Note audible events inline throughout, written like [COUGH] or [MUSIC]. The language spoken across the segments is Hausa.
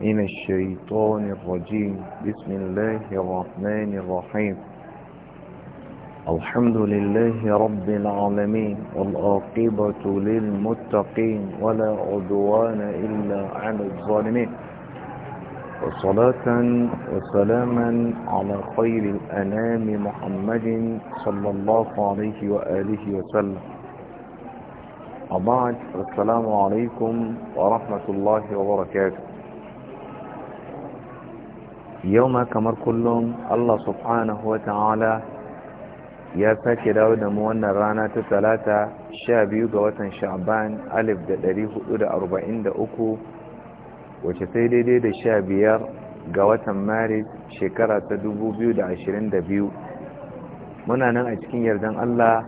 من الشيطان الرجيم بسم الله الرحمن الرحيم الحمد لله رب العالمين والآقبة للمتقين ولا عدوان إلا على الظالمين وصلاة وسلاما على خير الأنام محمد صلى الله عليه وآله وسلم وبعد السلام عليكم ورحمة الله وبركاته yau ma kamar kullum Allah subhanahu wa ta'ala ya sake dawo da mu wannan rana ta talata sha biyu ga watan sha'ban alif da ɗari hudu da arba'in da uku sai daidai da sha biyar ga watan maris shekara ta dubu biyu da ashirin da biyu muna nan a cikin yardan Allah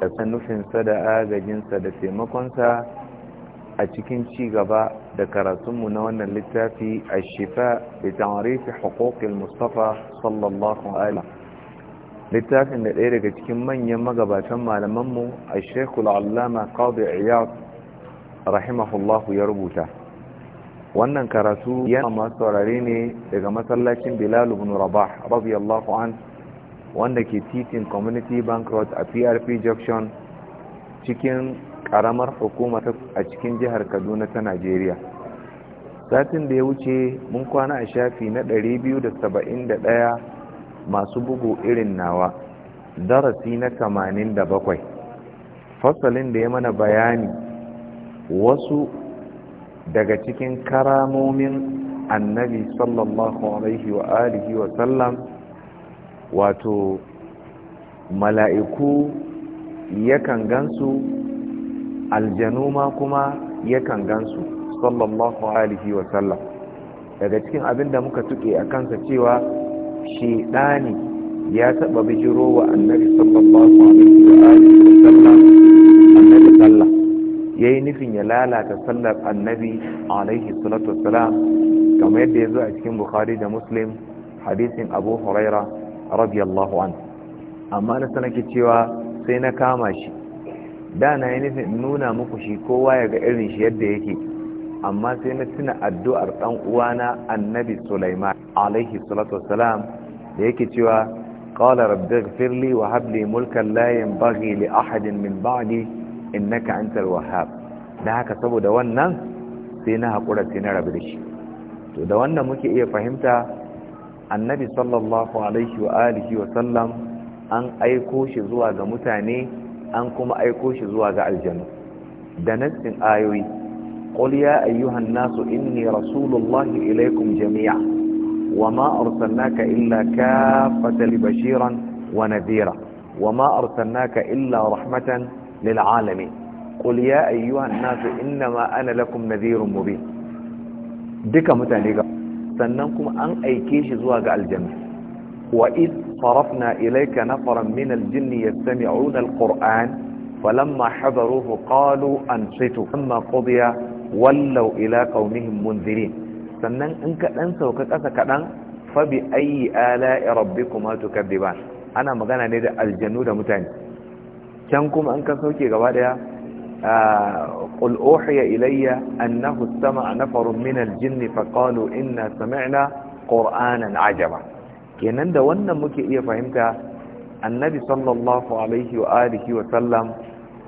da san nufinsa da agajinsa da taimakonsa a cikin ci gaba da karatunmu na wannan littafi a shifa da tarifi haƙoƙin mustapha sallallahu ala littafin da ɗaya daga cikin manyan magabatan malamanmu a shekul allama kawai iyar rahimahullahu ya rubuta wannan karatu yana masu saurare ne daga masallacin bilal ibn rabah radiyallahu an wanda ke titin community bank road a prp junction cikin karamar hukuma a cikin jihar kaduna ta najeriya satin da ya wuce mun kwana a shafi na 271 masu bugu irin nawa darasi na 87 fasalin da ya mana bayani wasu daga cikin karamomin annabi sallallahu alaihi wa alihi wa sallam wato mala'iku yakan gansu aljanu ma kuma yakan gansu sallallahu alaihi wa sallam daga cikin abin da muka tuke a kansa cewa shedani ya taba bijiro wa annabi sallallahu alaihi wa sallam annabi sallah yayi nufin ya lalata sallar annabi alaihi salatu wassalam kamar yadda ya zo a cikin bukhari da muslim hadisin abu huraira radiyallahu anhu amma na sanake cewa sai na kama shi da na yi nufin nuna muku shi kowa ya ga irin shi yadda yake amma sai na tuna addu'ar ɗan uwana annabi Sulaiman alaihi salatu wassalam da yake cewa qala rabbighfir li wa hab li mulkan la yanbaghi li ahadin min ba'di innaka antal wahhab da haka saboda wannan sai na hakura sai na rabu da shi to da wannan muke iya fahimta annabi sallallahu alaihi wa alihi wa sallam an aiko shi zuwa ga mutane an kuma aiko shi zuwa ga aljanu da nassin ayoyi qul ya ayyuhan nasu inni rasulullahi ilaikum jami'a wama arsalnaka illa kaffatan Bashiran wa nadhira wama arsalnaka illa rahmatan lil alamin qul ya ayyuhan nasu innama ana lakum nadhirun mubin duka mutane ga sannan kuma an aike shi zuwa ga aljanna wa صرفنا إليك نفرا من الجن يستمعون القرآن فلما حضروه قالوا أنصتوا أما قضي ولوا إلى قومهم منذرين سنن أنك أنسى ɗan sauka فبأي آلاء ربكما تكذبان أنا rabbi kuma الجنود متاني magana ne da aljanu قل أوحي إلي أنه استمع نفر من الجن فقالوا إنا سمعنا قرآنا عجبا kenan da wannan muke iya fahimta annabi sallallahu alaihi wa alihi wa sallam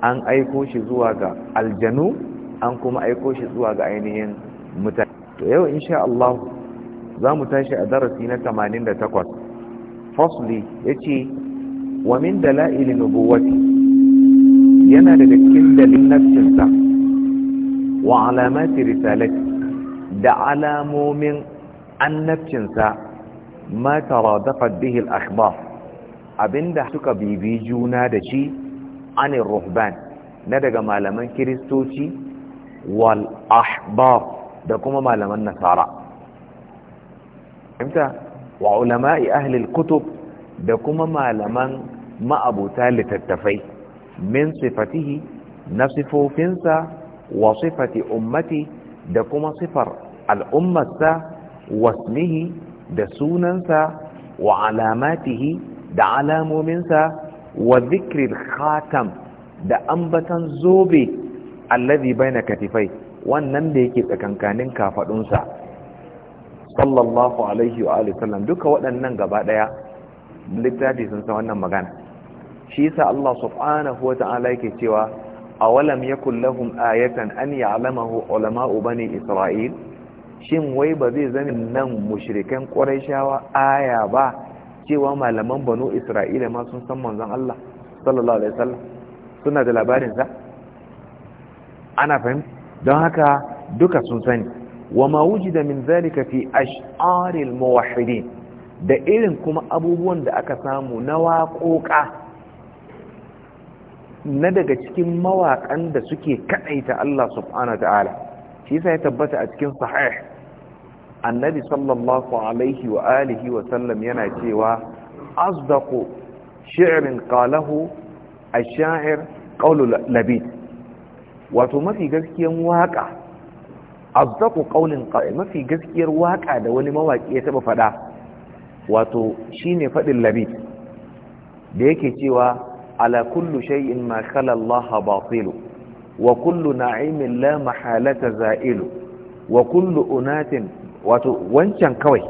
an aiko shi zuwa ga aljanu an kuma aiko shi zuwa ga ainihin mutane to yau insha Allah za mu tashi a darasi na 88 fasli yace wa min dalail nubuwati yana daga dukkan dalilin nafsinsa wa alamati risalati da alamomin annabcinsa ma taradafat bihi al abinda suka bibi juna da shi anir ruhban na daga malaman kiristoci wal ahbar da kuma malaman nasara Fahimta wa ulama'i ahlil kutub da kuma malaman ma'abuta littattafai min sifatihi na sifofinsa wa sifati ummati da kuma sifar al'ummarsa wasmihi da sunansa wa alamatihi da alamominsa wa zikirin khatam da ambatan zobe allazi baina katifai wannan da yake tsakankanin kafadunsa sallallahu alaihi wa sallam duka waɗannan gaba ɗaya littafi sun sa wannan magana shi yasa Allah subhanahu wa ta'ala yake cewa awalam yakul lahum ayatan an ya'lamahu ulama'u bani isra'il shin wai ba zai zane nan mushrikan shawa aya ba cewa malaman banu isra'ila ma sun san manzon Allah sallallahu alaihi wasallam suna da labarin sa ana fahim don haka duka sun sani wa ma wujida min zalika fi ash'aril muwahhidin da irin kuma abubuwan da aka samu na waƙoƙa na daga cikin mawaƙan da suke kaɗaita Allah subhanahu wa ta'ala shi yasa ya tabbata a cikin sahih annabi sallallahu alaihi wa alihi wa sallam yana cewa asdaqu shi'rin qalahu ash-sha'ir qawlu labid wato mafi gaskiyan waka asdaqu qawlin qa'i mafi gaskiyar waka da wani mawaki ya taba fada wato shine fadin labid da yake cewa ala kullu shay'in ma khala Allah batilu wa kullu na'imin la mahalata za'ilu wa kullu unatin wato wancan kawai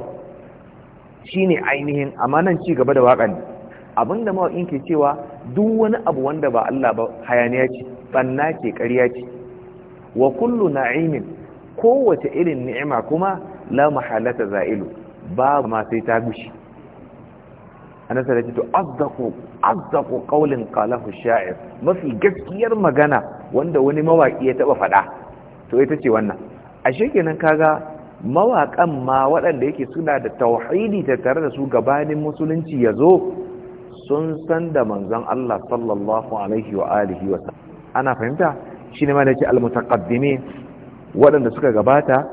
shine ainihin amanan ci gaba da waƙan abinda mawaƙin ke cewa duk wani abu wanda ba Allah ba hayaniya ce banna ce ƙarya ce wa kullu na'imin kowace irin ni'ima kuma la mahalata za'ilu ba ma sai ta gushi sai da to azdaku azdaku qaulin qalahu sha'ir mafi gaskiyar magana wanda wani mawaki ya taba fada to ita ce wannan ashe kenan kaga mawakan ma waɗanda yake suna da tauhidi ta tare da su gabanin musulunci ya zo, sun san da manzon Allah sallallahu alaihi wa alihi wa ana fahimta shine ma nake almutaqaddimin waɗanda suka gabata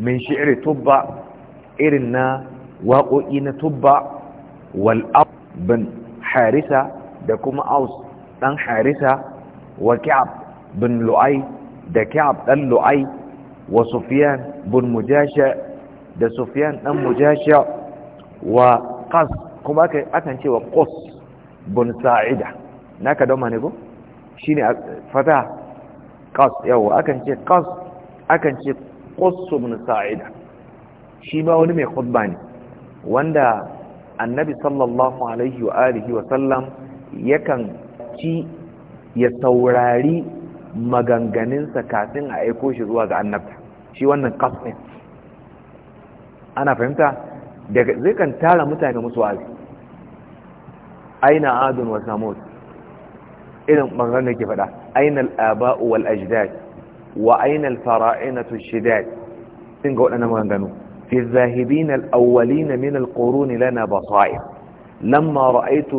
min shi'ri tubba irin na waƙoƙi na tubba wal bin harisa da kuma aus ɗan harisa wa ka'ab bin Lu'ai da ka'ab ɗan Lu'ai wa Sufiyan bin mujasha da Sufiyan ɗan mujasha wa ƙas kuma akan ce wa qus bin sa'ida naka don mane ko shine fata qas yawa akan ce qas akan ce qus bin sa'ida shi ba wani mai khutba ne wanda annabi sallallahu alaihi wa alihi wa yakan ci ya saurari maganganinsa kafin a aiko shi zuwa ga annabta shi wannan kasfin ana fahimta daga zai kan tara mutane musu wazi aina adun wa samud irin maganar da ke faɗa aina al'aba'u wal ajdad wa aina al-fara'inatu shidad sun ga waɗannan maganganu في الذاهبين الأولين من القرون لنا بصائر لما رأيت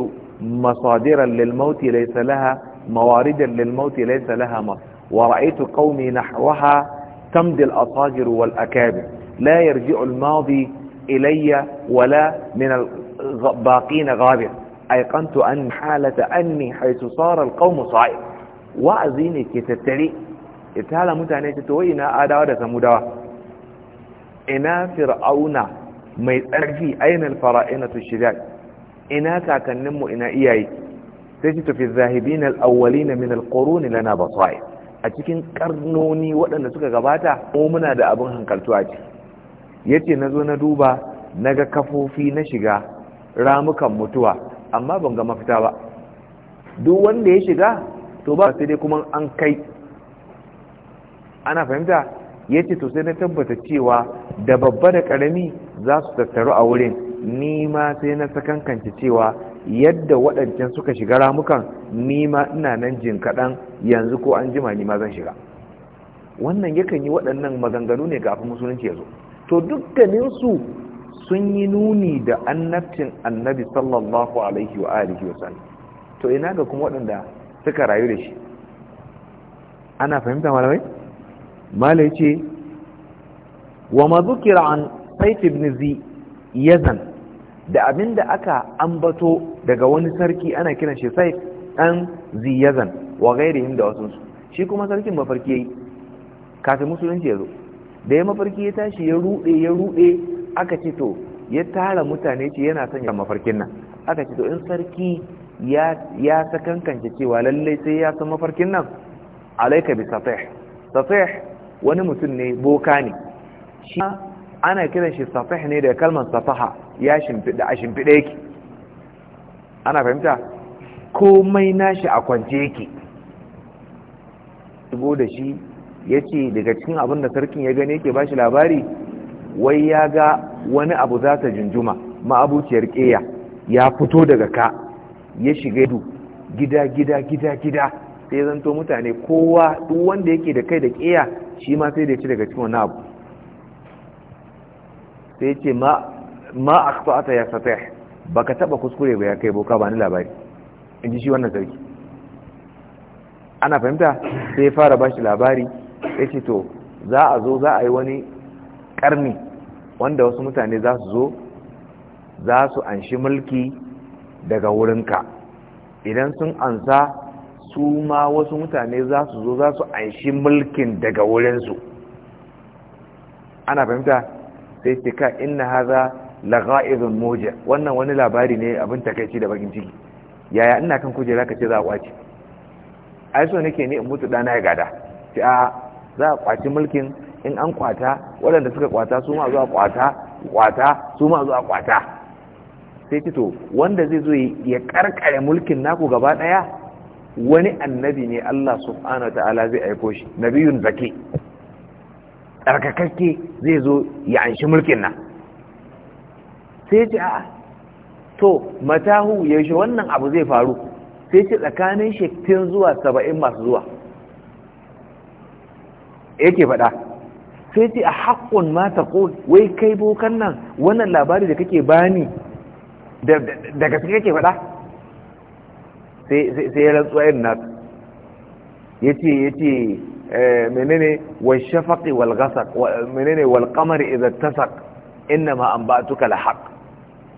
مصادرا للموت ليس لها مواردا للموت ليس لها مصر ورأيت قومي نحوها تمضي الأصاجر والأكابر لا يرجع الماضي إلي ولا من الباقين غابر أيقنت أن حالة أني حيث صار القوم صائر وأزيني كتتري ita mutane ta to ina adawa ina fir'auna mai tsarki ainihin fara'ina tu shirya ina kakanninmu ina iyaye sai ci tafi zahibin al'awwali na min alƙoroni lana ba a cikin karnoni waɗanda suka gabata ko muna da abin hankaltu a ciki ya ce na zo na duba naga kafofi na shiga ramukan mutuwa amma ban ga mafita ba duk wanda ya shiga to ba sai dai kuma an kai ana fahimta ya ce to sai na tabbata cewa da babba da ƙarami za su tattaru a wurin nima sai na sakankance cewa yadda waɗancan suka shiga ramukan ni ma ina nan jin kaɗan yanzu ko an jima ni zan shiga wannan yakan yi waɗannan maganganu ne afin musulunci ya zo to dukkaninsu sun yi nuni da annabcin annabi sallallahu alaihi wa alihi wa sallam to ina ga kuma waɗanda suka rayu da shi ana fahimta malamai mala ce wa mazukira an sait ibn zi yazan da abin da aka ambato daga wani sarki ana kiran shi sait an zi yazan wa gairihim da wasu shi kuma sarkin mafarki yi kafin musulunci ya zo da ya mafarki ya tashi ya rude ya rude aka ce to ya tara mutane ce yana son ya mafarkin nan aka ce to in sarki ya sakankance cewa lallai sai ya san mafarkin nan alaika bi safih safih wani mutum ne boka ne shi ana kiran shi safah ne da kalmar safaha ya shimfiɗa a shimfiɗa yake ana fahimta komai nashi a kwance yake shigo da shi ya ce daga cikin abin da sarkin ya gani yake ba shi labari wai ya ga wani abu za ta junjuma ma'abuciyar ƙeya ya fito daga ka ya shiga gida gida gida gida sai zanto mutane kowa duk wanda yake da kai da ƙiya shi ma sai da ci daga cikin wannan abu sai ce ma ma ata ya ba baka taba kuskure ba ya kai boka ba ni labari in ji shi wannan sarki ana fahimta sai ya fara bashi labari ya ce to za a zo za a yi wani karni wanda wasu mutane za su zo za su anshi mulki daga wurinka idan sun ansa su ma wasu mutane za su zo za su anshi mulkin daga wurinsu ana fahimta sai ce ka inna haza lagha'izun moja wannan wani labari ne abin takaici da bakin ciki yaya ina kan kujera ka ce za a kwaci ai so nake ne in mutu dana ya gada ce a za a kwaci mulkin in an kwata waɗanda suka kwata su ma zuwa kwata kwata su ma zuwa kwata sai tito wanda zai zo ya karkare mulkin naku gaba ɗaya wani annabi ne Allah subhanahu ta'ala zai aiko shi nabiyun zaki tsarkakakke zai zo ya anshi mulkin nan sai ce a'a to matahu ya yaushe wannan abu zai faru sai ce tsakanin tun zuwa saba'in masu zuwa yake faɗa sai ce a haƙƙun mata ko wai kai bokan nan wannan labari da kake bani daga gaske yake faɗa sai ya rantsuwa irin nasu ya ce ya ce eh, menene wal shafaƙi wal gasaq menene wal qamar idza tasaq innama anba'tuka la haqq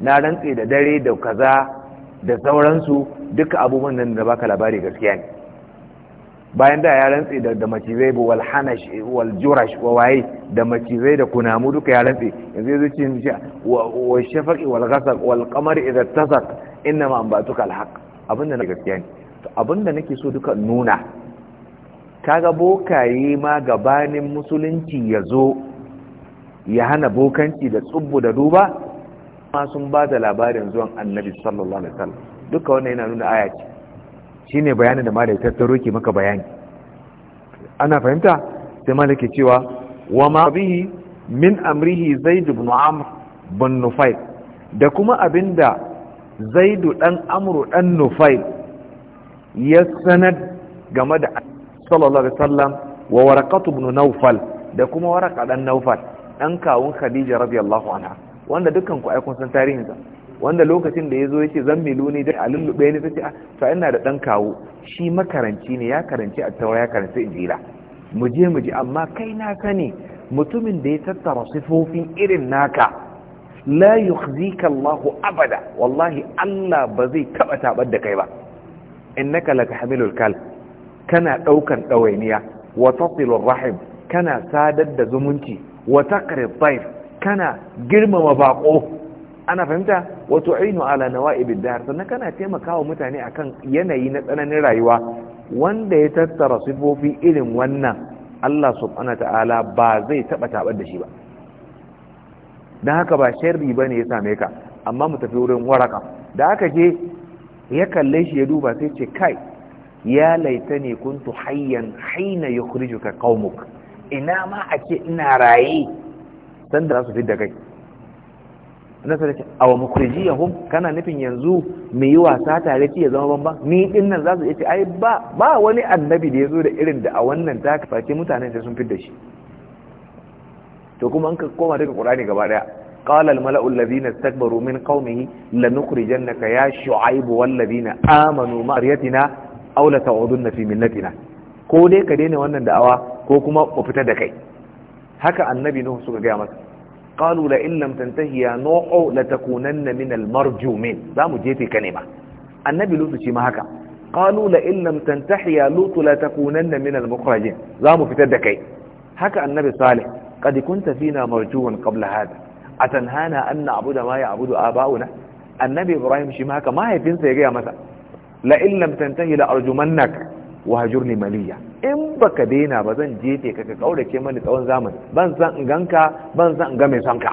na rantsi da dare da kaza da sauransu duka abubuwan nan da baka labari gaskiya ne bayan da ya rantsi da da macizai bu wal hanash wal jurash wa waye da macizai da kunamu duka ya rantsi yanzu yazo ce wa shafaqi wal gasaq wal qamar idza tasaq innama anba'tuka al haqq abinda na gaskiya ne nake so duka nuna kaga bokaye ma gabanin musulunci ya zo ya hana bokanci da tsubbu da duba ma sun ba da labarin zuwan annabi sallallahu alaihi wasallam duka wannan yana nuna aya ce shine bayanin da malaka tattaro ke maka bayani ana fahimta sai malaka cewa wa ma bihi min amrihi zaid ibn amr bin nufai da kuma abinda zaidu ɗan amru dan nufail ya sanar game da sallallahu alaihi wasallam wa warqatu ibn nawfal da kuma waraka dan nawfal dan kawun khadija radiyallahu anha wanda dukkan ku ai kun san tarihin sa wanda lokacin da ya yazo yace zan miluni da alulube ne ah fa ina da ɗan kawu shi makaranci ne ya karanci a taura ya karanci injila mu je mu ji amma kai na sani mutumin da ya tattara sifofin irin naka la yukhzika Allahu abada wallahi Allah ba zai taba tabar da kai ba innaka latahmilul kal kana daukan dawainiya wa tasilur rahim kana sadar da zumunci wa taqrib dayf kana girmama bako ana fahimta wa tu'inu ala nawa'ibid dahr sannan kana taimakawa mutane akan yanayi na tsananin rayuwa wanda ya tattara sifofi irin wannan Allah subhanahu ta'ala ba zai taba tabar da shi ba don haka ba sharri ba ne ya same ka amma mu tafi wurin waraka da aka je ya kalle shi ya duba sai ce kai ya laita ne kuntu hayyan haina ya ka qaumuk ina ma a ce ina raye san da su fidda kai na sai ce awa ya yahum kana nufin yanzu mu yi wasa tare ce ya zama bamban ni din nan za su ce ai ba wani annabi da ya zo da irin da a wannan ta ce mutanen sai sun fi da shi to kuma an ka koma daga qur'ani gaba daya qala al mala'u alladhina istakbaru min qaumihi lanukhrijannaka ya Shu'aibu wal ladina amanu ma riyatina aw la ta'udunna fi millatina ko dai ka daina wannan da'awa ko kuma ku fita da kai haka annabi nuhu suka ga masa qalu la in lam tantahi ya nuhu latakunanna min al marjumin mu jefe ka ne ba annabi lutu ce ma haka قالوا لئن لم تنتحي يا لوط لتكونن من المخرجين زامو في تدكي حكى النبي صالح قد كنت فينا مرجوا قبل هذا أتنهانا أن نعبد ما يعبد آباؤنا النبي إبراهيم شما هكا ما يفنسى يا مثلا لئن لم تنتهي لأرجمنك وهجرني مليا in baka daina ba zan jefe ka ka kaurace mani tsawon zamani ban san in ganka ban san in ga mai son ka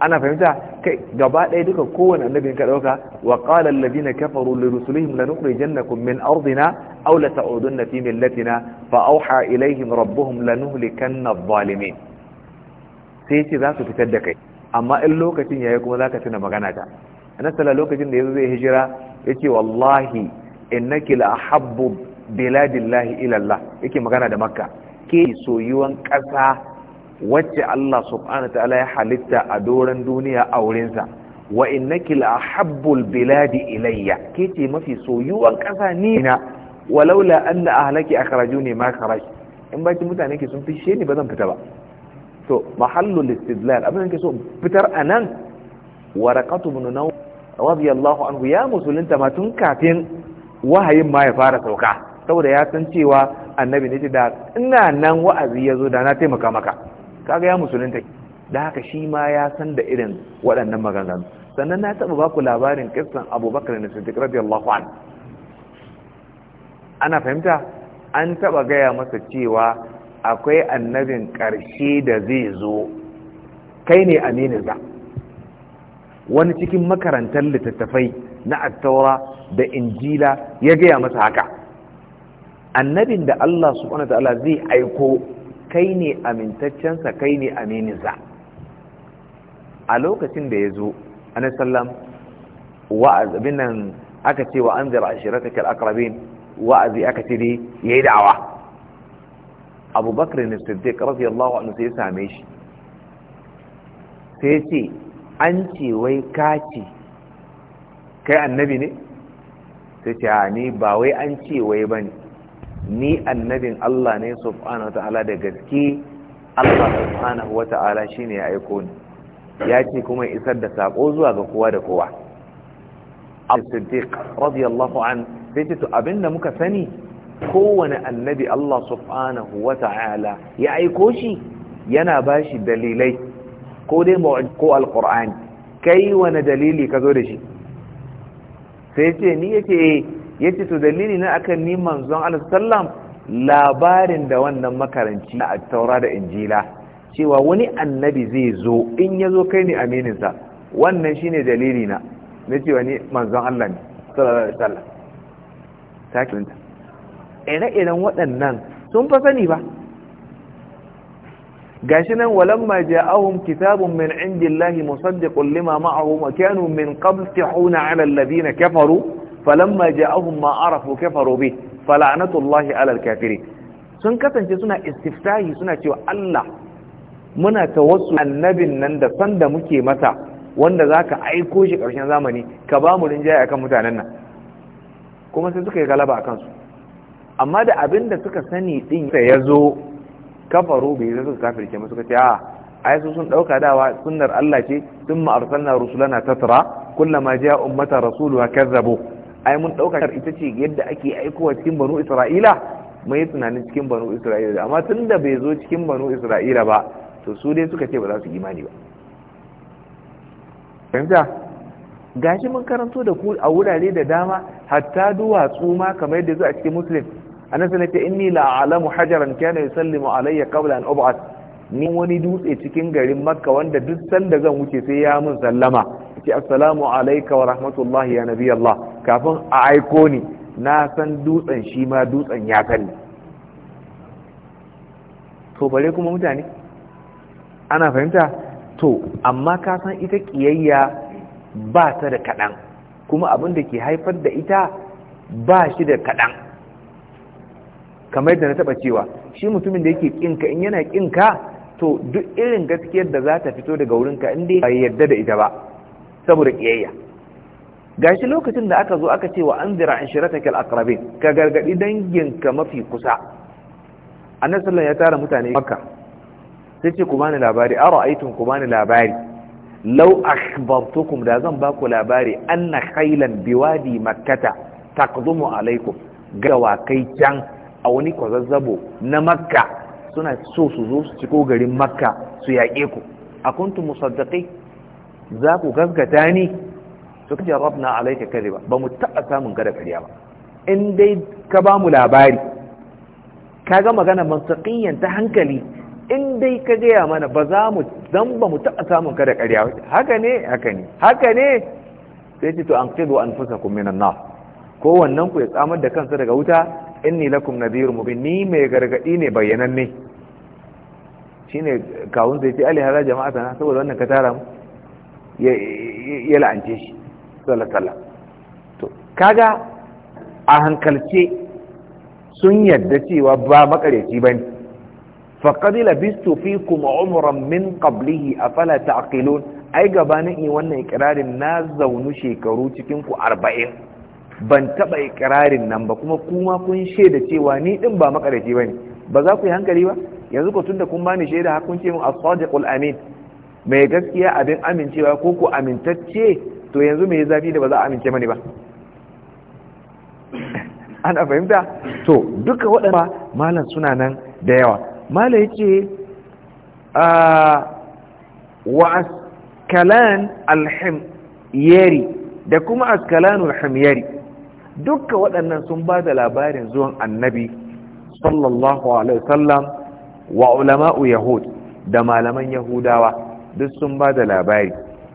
ana fahimta kai gaba ɗaya duka kowane annabin ka dauka wa qala alladhina kafaru li rusulihim lanukhrijannakum min ardina aw la na fi millatina fa awha ilaihim rabbuhum lanuhlikanna adh-dhalimin sai ce za su fitar da kai amma in lokacin yayi kuma zaka tuna magana ta annabi lokacin da yazo zai hijira yace wallahi innaki la ahabbu biladillahi ila Allah yake magana da makka ke soyuwan ƙasa wacce Allah subhanahu ta'ala ya halitta a doran duniya a wurinsa wa innaki la habbul biladi ilayya ke ce mafi soyuwan ƙasa ni na walaula anna ahlaki akhrajuni ma kharaj in baki mutane ke sun fishe ni ba zan fita ba to mahallul istidlal abin da so fitar anan waraqatu ibn naw radiyallahu anhu ya musulunta ma tun kafin wahayin ma ya fara sauka saboda ya san cewa annabi ne da ina nan wa'azi ya zo da na taimaka maka kaga ya musulunta da haka shi ma ya san da irin waɗannan maganganu sannan na taɓa baku labarin kirsan abubakar na siddiq radiyallahu an ana fahimta an taɓa gaya masa cewa akwai annabin ƙarshe da zai zo kai ne amininsa wani cikin makarantar littattafai na attaura da injila ya gaya masa haka annabin da Allah subhanahu wa ta'ala zai aiko kai ne amintaccensa kai ne amininsa a lokacin da ya zo anisallam wa'azabin nan aka ce wa an zara shiratakar akrabin wa'azi aka ce dai ya yi da'awa abubakar ne karfi radiyallahu anhu sai same shi sai ce an ce wai kaci kai annabi ne sai ce ni ba wai an ce wai bane ni annabin Allah ne subhanahu wata'ala da gaske Allah subhanahu wata'ala shine ya aiko ni ya ce kuma isar da sako zuwa ga kowa da kowa al-siddiq radiyallahu an sai ce to abinda muka sani kowane annabi Allah subhanahu wata'ala ya aiko shi yana bashi dalilai ko dai ko alqur'ani kai wani dalili ka zo da shi sai ce ni yake Ya ce to dalili na akan ni manzon Allah sallam labarin da wannan makaranci a taura da injila cewa wani annabi zai zo in ya zo kai ne amininsa wannan shine dalili na na cewa ni manzon Allah ne sallallahu alaihi wasallam sakinta ire-iren waɗannan sun fa sani ba gashi nan walamma ja'ahum kitabun min indillahi musaddiqun lima ma'ahum wa kanu min qabl tihuna 'ala alladhina kafaru falamma ja'ahum ma arafu kafaru bi fala'natullahi alal kafirin sun kasance suna istiftahi suna cewa Allah muna tawassu annabin nan da san da muke masa wanda zaka aiko shi karshen zamani ka ba mu rinjaye akan mutanen nan kuma sai suka yi galaba akan su amma da abin da suka sani din sai zo kafaru bai zai suka kafirce mu suka ce a ah, ai su sun dauka dawa sunnar Allah ce thumma arsalna rusulana tatra kullama ja'a ummatan rasuluha kazzabu ai mun ɗaukar ita ce yadda ake aikowa cikin banu isra'ila mai tunanin cikin banu isra'ila amma tun da bai zo cikin banu isra'ila ba to su dai suka ce ba za su imani ba gashi mun karanto da ku a wurare da dama hatta duwatsu ma kamar yadda zo a cikin muslim annabi sallallahu ta inni alamu hajaran kana yusallimu alayya qabla an ub'ath ni wani dutse cikin garin makka wanda duk sanda zan wuce sai ya mun sallama ce assalamu alaika wa rahmatullahi ya nabi Allah kafin a aiko ni na san dutsen shi ma dutsen ya sani to bare kuma mutane ana fahimta to amma ka san ita kiyayya ba ta da kaɗan kuma abin da ke haifar da ita ba shi da kaɗan kamar yadda na taɓa cewa shi mutumin da yake ƙinka in yana ƙinka to duk irin gaskiyar da za ta fito daga wurinka inda ya yarda da ita ba saboda kiyayya gashi lokacin da aka zo aka ce wa anzira ashiratakal aqrabin ka gargadi danginka mafi kusa annabi ya tara mutane makka sai ce ku bani labari ara'aytum ku bani labari law akhbartukum da zan ba ku labari anna khaylan biwadi makkata taqdumu alaikum gawa kai can a wani kwazazzabo na makka suna so su zo su ciko garin makka su yaƙe ku akuntum musaddaqin za ku gaskata ni suka kace rabna alaika kadhiba ba mu taɓa samun kada kariya ba in dai ka ba mu labari kaga magana mantaqiyan ta hankali in dai ka gaya mana ba za mu dan ba mu taɓa samun kada kariya. ba haka ne haka ne haka ne sai ce to an qidu anfusakum minan nar ko wannan ku ya tsamar da kansa daga wuta inni lakum nadhirun mubin ni mai gargadi ne bayyananne shine kawun sai ce alai har jama'a sana saboda wannan ka tara mu ya la'ance shi sallallahu to kaga a hankalce sun yadda cewa ba makareci bane faqad labistu fikum umran min falata a ta'qilun ai gabanin yi wannan ikirarin na zaunu shekaru cikin ku arba'in. ban taɓa ikirarin nan ba kuma kuma kun shaida cewa ni din ba makareci bane ba za ku yi hankali ba yanzu ku tunda kun bani shaida har kun ce min as-sadiqul amin mai gaskiya abin amincewa ko ku amintacce to yanzu mai zafi da ba za a amince mani ba [LAUGHS] ana fahimta to duka waɗanda malan suna nan da yawa malan ya ce wa askalan da kuma alhim alhimyari duka waɗannan sun ba da labarin zuwan annabi sallallahu alaihi wasallam wa ulama'u yahud da malaman yahudawa duk sun ba da labari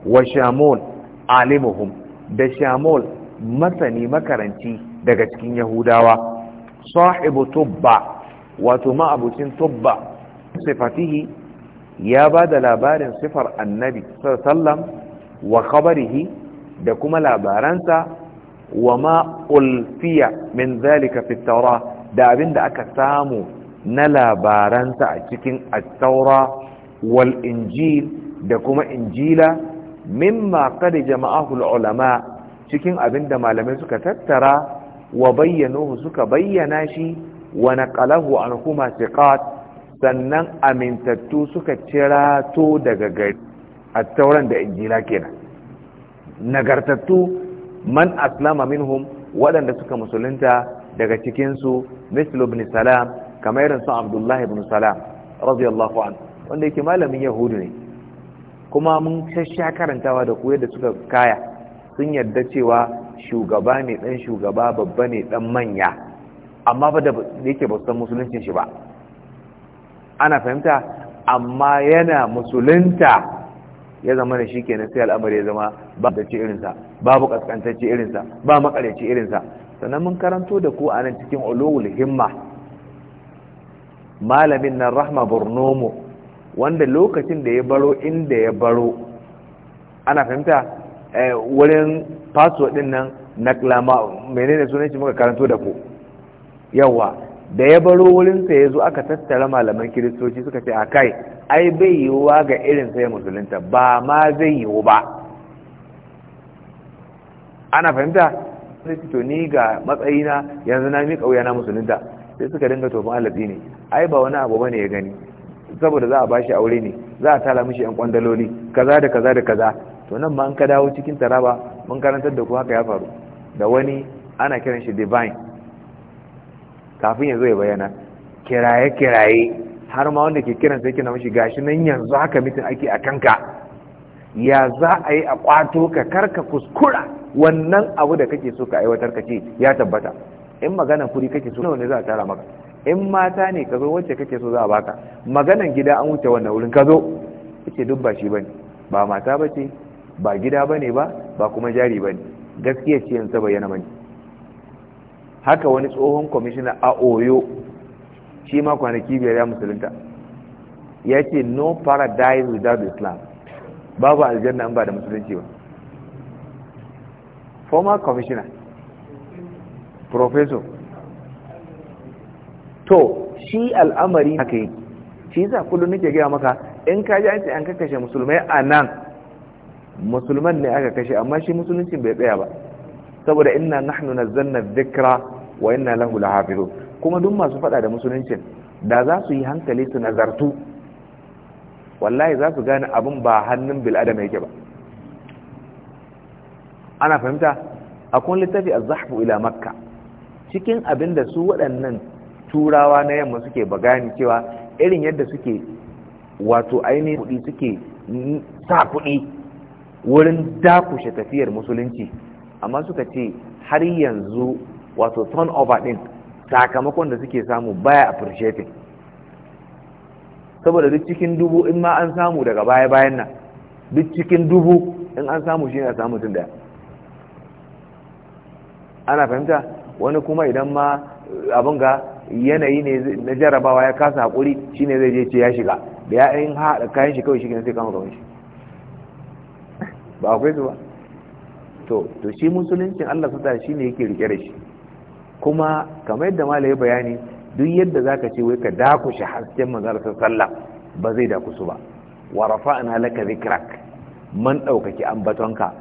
wa shamol alimuhum da shamol masani makaranci daga cikin yahudawa sahibu tubba wato ma'abucin tubba sifatihi ya ba da labarin sifar annabi sallam wa khabarihi da kuma labaransa wa ma min zalika fi taura da abinda aka samu na labaransa a cikin at wal injil da kuma injila mimma qad jama'ahu ulama cikin abinda malamai suka tattara wa bayyanuhu suka bayyana shi wa naqalahu kuma thiqat sannan amintattu suka cirato daga gari a tauran da injila kenan nagartattu man aslama minhum waɗanda suka musulunta daga cikinsu mislu ibn salam kamar irin su abdullahi ibn salam radiyallahu anhu wanda yake malamin yahudu ne kuma mun shasha karantawa da koyar da suka kaya sun yarda cewa shugaba ne dan shugaba babba ne dan manya amma ba da yake ba san musuluncin shi ba ana fahimta amma yana musulunta ya zama da shi kenan sai al'amari ya zama ba da ce irinsa babu kaskantacce irinsa ba makareci irinsa sannan mun karanto da ku a nan cikin ulul himma malamin na rahma burnomo wanda lokacin da ya baro inda ya baro ana fahimta eh, wurin password din nan na klama menene sunan shi muka karanto da ku yawa da ya baro wurinsa ya zo aka tattara malaman kiristoci suka ce a kai ai bai yiwuwa ga irin sai musulunta ba ma zai yiwu ba ana fahimta sai to ni ga matsayina yanzu na mi kauya na musulunta sai suka dinga tofin Allah ne ai ba wani abu bane ya gani saboda za a ba shi aure ne za a tara mishi yan kwandaloli kaza da kaza da kaza to nan ma an ka dawo cikin taraba mun karantar da ku haka ya faru da wani ana kiran shi divine kafin ya zo ya bayyana kiraye kiraye har ma wanda ke kiran sai kina mishi gashi nan yanzu haka mitin ake a kanka ya za a yi a kwato ka karka kuskura wannan abu da kake so ka aiwatar ka ce ya tabbata in magana kuri kake so nawa ne za a tara maka in mata ne ka zo wacce kake so za a baka maganan gida an wuce wannan wurin ka zo ce duk ba shi bane ba mata bace ba gida bane ba ba kuma jari bane gaskiya ce yanzu bayyana mani haka wani tsohon kwamishina a oyo shi ma kwanaki biyar ya musulunta ya ce no paradise without islam babu aljanna ba da musulunci ba former commissioner professor to shi al'amari haka yi shi za kullum nake gaya maka in ka ji an ce an kakashe musulmai a nan musulman ne aka kashe amma shi musulunci bai tsaya ba saboda inna nahnu nazzalna dhikra wa inna lahu lahafizun kuma duk masu fada da musulunci da za su yi hankali su nazartu wallahi za su gane abin ba hannun bil adam yake ba ana fahimta akwai littafi az-zahfu ila makka cikin abin da su waɗannan turawa na yamma suke bagani cewa irin yadda suke wato ainihin kuɗi suke sa kuɗi wurin dakushe tafiyar musulunci amma suka ce har yanzu wato turnover ɗin sakamakon da suke samu baya appreciating saboda duk cikin dubu in ma an samu daga baya-bayan nan duk cikin dubu in an samu shi a samu tun daya ana fahimta wani kuma idan ma abin ga yanayi ne na jarabawa ya kasa hakuri shine zai je ce ya shiga da ya in haɗa kayan shi kawai shi ne sai kama gaban shi ba akwai su ba to to shi musuluncin Allah shi ne yake rike da shi kuma kamar yadda malai bayani duk yadda zaka ce wai ka dakushe hasken manzon sallah ba zai dakusu ba wa ana laka zikirak man an ambatonka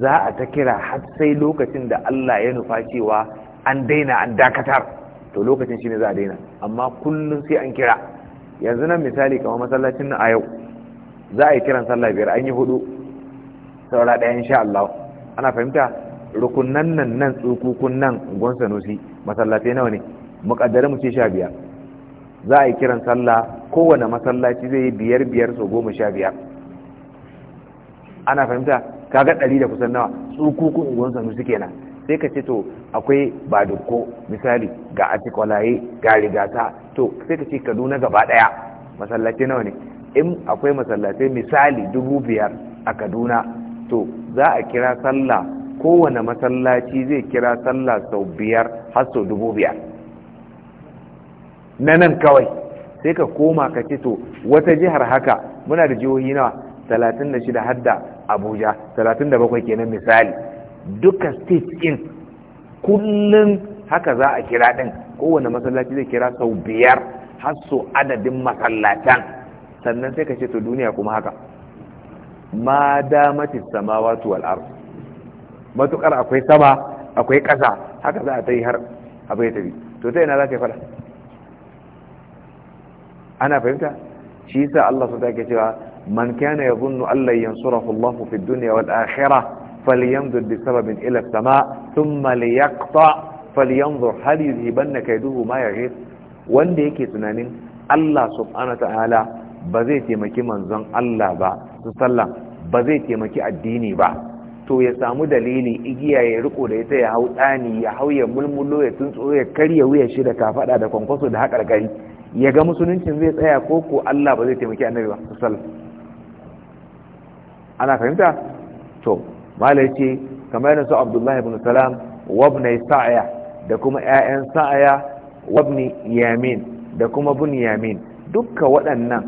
za a ta kira har sai lokacin da Allah ya nufa cewa an daina an dakatar to lokacin shine za a daina amma kullum sai an kira yanzu nan misali kamar masallacin na a yau za a yi kiran sallah biyar an yi hudu saura ɗaya insha Allah ana fahimta rukunan nan nan tsukukun nan gon sanusi masallaci nawa ne muqaddara mu ce sha biyar za a yi kiran sallah kowane masallaci zai yi biyar biyar so goma sha biyar ana fahimta kaga ɗari da kusan nawa tsukukun gon sanusi kenan sai ka ce to akwai badukko misali ga atikwalaye ga rigata to sai ka ce kaduna gaba daya masallaci nawa ne in akwai masallaci misali dubu biyar a kaduna to za a kira sallah kowane masallaci zai kira sallah sau biyar har sau dubu biyar na nan kawai sai ka koma ka ce to wata jihar haka muna da jihohi nawa 36 hadda abuja 37 kenan misali duka state in kullum haka za a kira din kowane masallaci zai kira sau biyar har so adadin masallatan sannan sai ka ce to duniya kuma haka ma damatis sama wal ardh matukar akwai sama akwai ƙasa haka za a ta yi har abu ya to ta yana za ka yi fada ana fahimta shi yasa Allah su take cewa man kana ya an allah yansurahu Allah fi dunya wal akhirah falyanzur bi sababin ila sama thumma liyaqta falyanzur hal kai duhu ma wanda yake tunanin Allah subhanahu ta'ala ba zai taimaki manzon Allah ba sallam ba zai taimaki addini ba to ya samu dalili igiya ya riko da ita ya hau tsani ya hau ya mulmulo ya tuntso ya karya wuya shi da kafada da kwankwaso da haƙarƙari ya ga musuluncin zai tsaya ko ko Allah ba zai taimaki annabi ba sallam ana fahimta to malai ce kamar yana su abdullahi ibn salam wabnai sa'aya da kuma 'ya'yan sa'aya wabni yamin da kuma bun yamin dukka waɗannan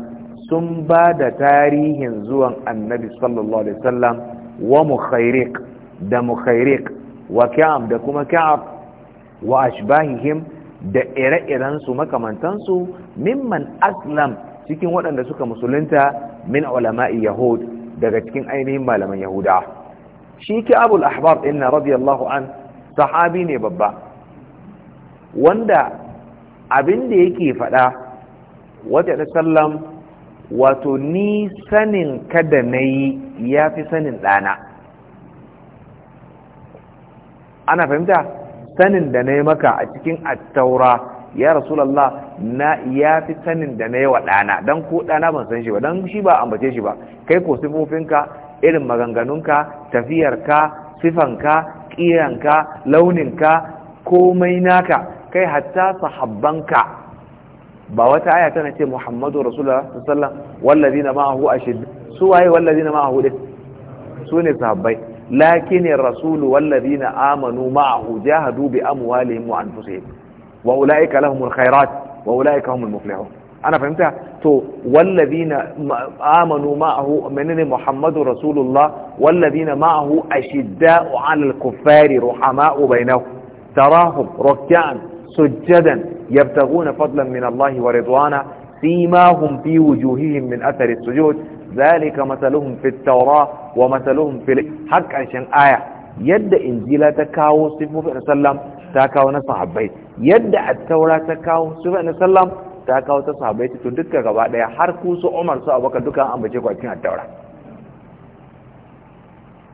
sun ba da tarihin zuwan annabi sallallahu alaihi wasallam wa mukhairik da mukhairik wa ka'ab da kuma ka'ab wa ashbahihim da ire-iren su makamantansu mimman aslam cikin waɗanda suka musulunta min ulama'i yahud daga cikin ainihin malaman yahudawa shi ke abul ahbar inna radiyallahu an sahabi ne babba wanda abin da yake faɗa wata sallam wato ni sanin kada na yi ya fi sanin ɗana ana fahimta sanin da na yi maka a cikin attaura ya rasulallah na ya fi sanin da na wa ɗana don ko ɗana ban san shi ba don shi ba ambace shi ba kai ko sifofinka irin maganganunka tafiyarka sifanka ƙiranka launinka komai naka kai hatta sahabbanka ba wata aya tana ce muhammadu rasulullah sallam wallazi na ma'ahu a shidda su waye wallazi na ma'ahu ɗin su ne sahabbai lakinin rasulu wallazi na amanu ma'ahu jahadu bi amwalihim wa anfusihim wa ula'ika lahumul khairat wa ula'ika humul muflihun انا فهمتها تو والذين امنوا معه منن محمد رسول الله والذين معه اشداء على الكفار رحماء بينهم تراهم ركعا سجدا يبتغون فضلا من الله ورضوانا سيماهم في وجوههم من اثر السجود ذلك مثلهم في التوراة ومثلهم في حق عشان آية يد انزيلا تكاو صلى الله عليه وسلم تكاو نصحبين يد التوراة تكاو صلى الله عليه وسلم ta kawo ta ta tun dukkan gaba daya har ku su Umar su Abubakar dukan ambace kwakin addaura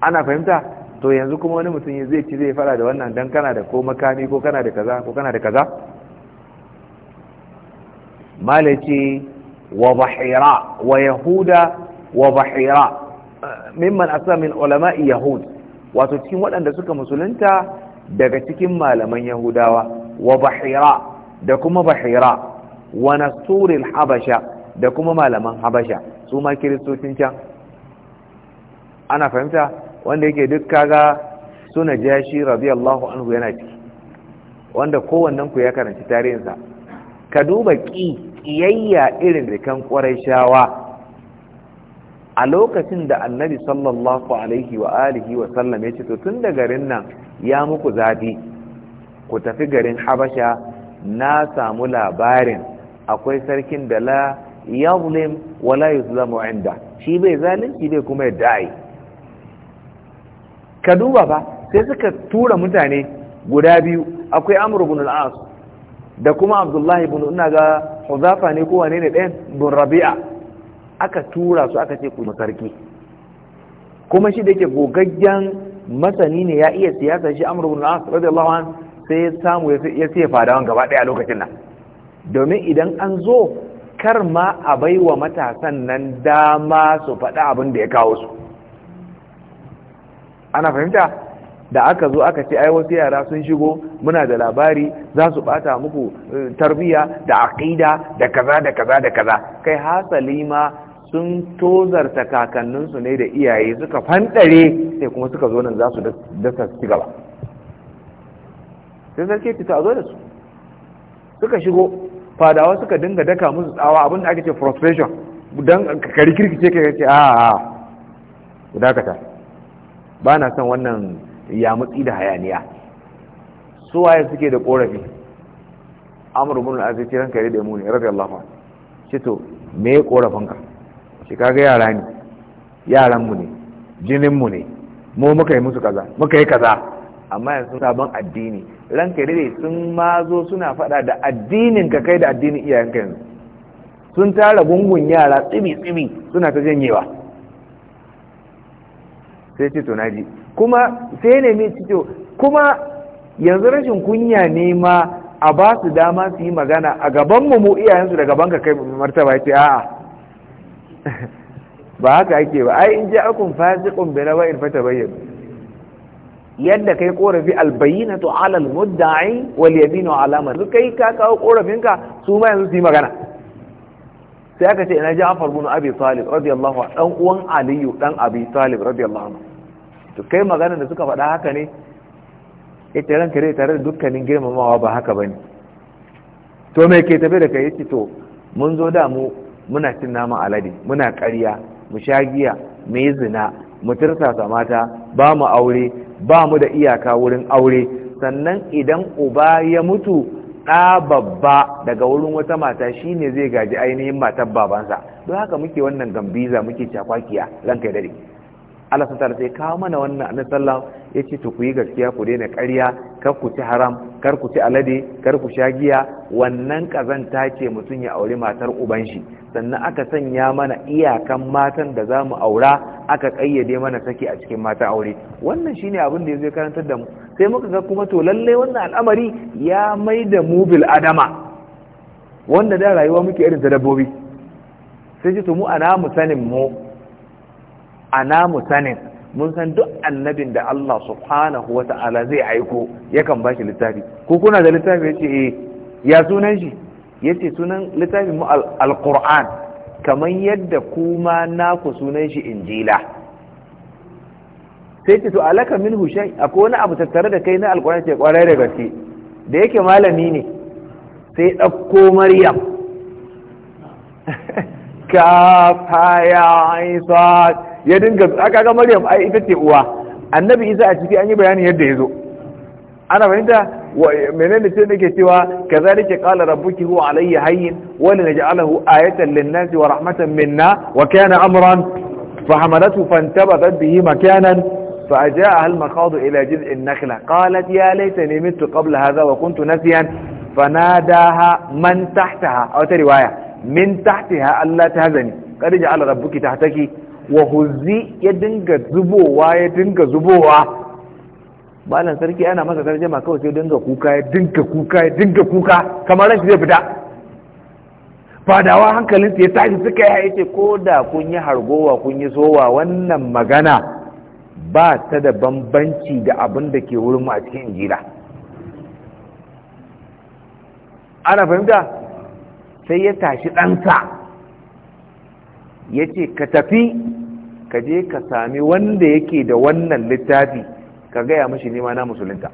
ana fahimta to yanzu kuma wani mutum zai ci zai fara da wannan don kana da ko makami ko kana da kaza ko kana da kaza malaci wa bahira wa yahuda wa bahira mimman asa min ulama'i yahud wato cikin waɗanda suka musulunta daga cikin malaman yahudawa wa bahira da kuma bahira wa nasuril habasha da kuma malaman habasha su ma kiristocin can ana fahimta wanda yake duk kaga suna jashi radiyallahu anhu yana ciki wanda kowannen ku ya karanci tarihinsa ka duba ki kiyayya irin rikan kwarai shawa a lokacin da annabi sallallahu alaihi wa alihi wa sallam ya ce to tun da garin nan ya muku zafi ku tafi garin habasha na samu labarin akwai sarkin da la yazlim wa la mu inda shi bai zalunci bai kuma yadda ka duba ba sai suka tura mutane guda biyu akwai amuru bin al da kuma Abdullahi bin ina ga huzafa ne ko wane ne ɗayan bin rabi'a aka tura su aka ce kuma sarki kuma shi da yake gogaggen masani ne ya iya siyasa shi amuru bin al radiyallahu anhu sai ya samu ya siya fadawan gaba ɗaya lokacin nan domin idan an zo kar ma a bai wa matasan nan dama su faɗi abin da ya kawo su ana fahimta da aka zo aka ce ai wasu yara sun shigo muna da labari za su bata muku eh, tarbiya da aqida da kaza da kaza da kaza kai hasali ma sun tozarta kakanninsu ne da iyaye suka fanɗare, sai kuma suka zo nan za su dasa su gaba sai sarki fita zo da su suka shigo fadawa suka dinga daka musu tsawa abin da aka ce frustration don kari kirki ce kai ce a a ku dakata ba na son wannan yamutsi da hayaniya su waye suke da korafi amur bin al'aziz ce ranka da mu ne rabbi Allah fa ce to me korafinka shi kaga yara ne yaran mu ne jinin mu ne mu muka yi musu kaza muka yi kaza amma yanzu sabon addini ranka dai sun ma zo suna faɗa da addinin ka kai da addinin iyayenka yanzu sun tara gungun yara tsibi-tsibi suna ta janyewa sai ce ji. kuma sai ne mai cito kuma yanzu rashin kunya ne ma a ba su dama su yi magana a gaban mu iyayensu da gaban ka kai martaba ya ce a'a [LAUGHS] ba haka ake ba ai in ji akun fasikun bai rawa in fata bayyana yadda kai korafi albayyina to alal mudda'i wal yabinu alama su kai ka kawo korafinka su ma yanzu su yi magana sai aka ce ina Ja'far bin Abi Talib radiyallahu anhu dan uwan Aliyu dan Abi Talib radiyallahu anhu to kai magana da suka faɗa haka ne e ranka kare tare da dukkanin girmamawa ba haka bane to me ke tafe da kai yace to mun zo da mu muna cin nama alade muna ƙarya mu shagiya me zina mu tirsasa mata ba mu aure ba mu da iyaka wurin aure sannan idan uba ya mutu ɗa babba daga wurin wata mata shi ne zai gaji ainihin matan babansa don haka muke wannan gambiza muke cakwakiya kai dare Allah sun sai kawo mana wannan annabi sallallahu ya ce to ku yi gaskiya ku daina karya. kar ku ci haram kar ku ci alade kar ku sha giya wannan kazanta ce mutum ya auri matar uban shi sannan aka sanya mana iyakan matan da za mu aura aka kayyade mana saki a cikin mata aure wannan shine abin da zai karantar da mu sai muka ga kuma to lalle wannan al'amari ya mai da mu bil adama wanda da rayuwa muke irin ta dabbobi sai ji to mu ana mu sanin mu ana mu sanin mun san duk annabin da Allah subhanahu wa ta'ala zai aiko yakan shi littafi ko kuna da littafi yace eh ya sunan shi yace sunan littafin mu alquran kamar yadda kuma naku sunan shi injila sai ce to alaka minhu shay akwai wani abu tattare da kai na alquran ce kwarai da gaske da yake malami ne sai ɗauko maryam [LAUGHS] ka fa isa ya dinga aka ga maryam ai ita ce uwa annabi isa a ciki an yi bayani yadda yazo ana fahimta menene ce nake cewa kazalika qala rabbuki huwa alayhi hayyin wa lanaj'alahu ayatan lin-nasi wa rahmatan minna wa kana amran fa hamalatu fantabadat bihi makanan فحملته فانتبذت به مكانا فأجاءها المخاض nakhla qalat ya laytani يا qabla hadha wa kuntu nasiyan fanadaha man tahtaha aw ta riwaya min tahtaha allati hazani qad ja'ala rabbuki tahtaki wa huzzi ya dinga zubowa ya dinga zubowa malam sarki ana masa tarjama kawai sai dinga kuka ya dinga kuka ya dinga kuka kamar rashin zai fita fadawa hankalinsu ya tashi suka yi ya ko da kun yi hargowa kun yi sowa wannan magana ba ta da bambanci da abin da ke mu a cikin injila ana fahimta sai ya tashi ɗansa yace ka tafi ka je ka sami wanda yake da wannan littafi ka gaya mashi nema na musulunta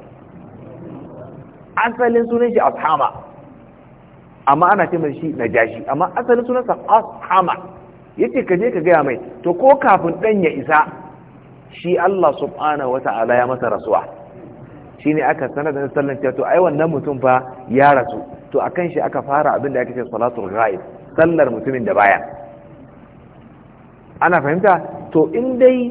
asalin sunan shi ashama amma ana ce shi najashi amma asalin sunan sa ashama yace ka je ka gaya mai to ko kafin dan ya isa shi Allah subhanahu wata'ala ya masa rasuwa shine aka sanar da sallan to ai wannan mutum fa ya rasu to akan shi aka fara abin da ake ce salatul ghaib sallar mutumin da baya ana fahimta to in dai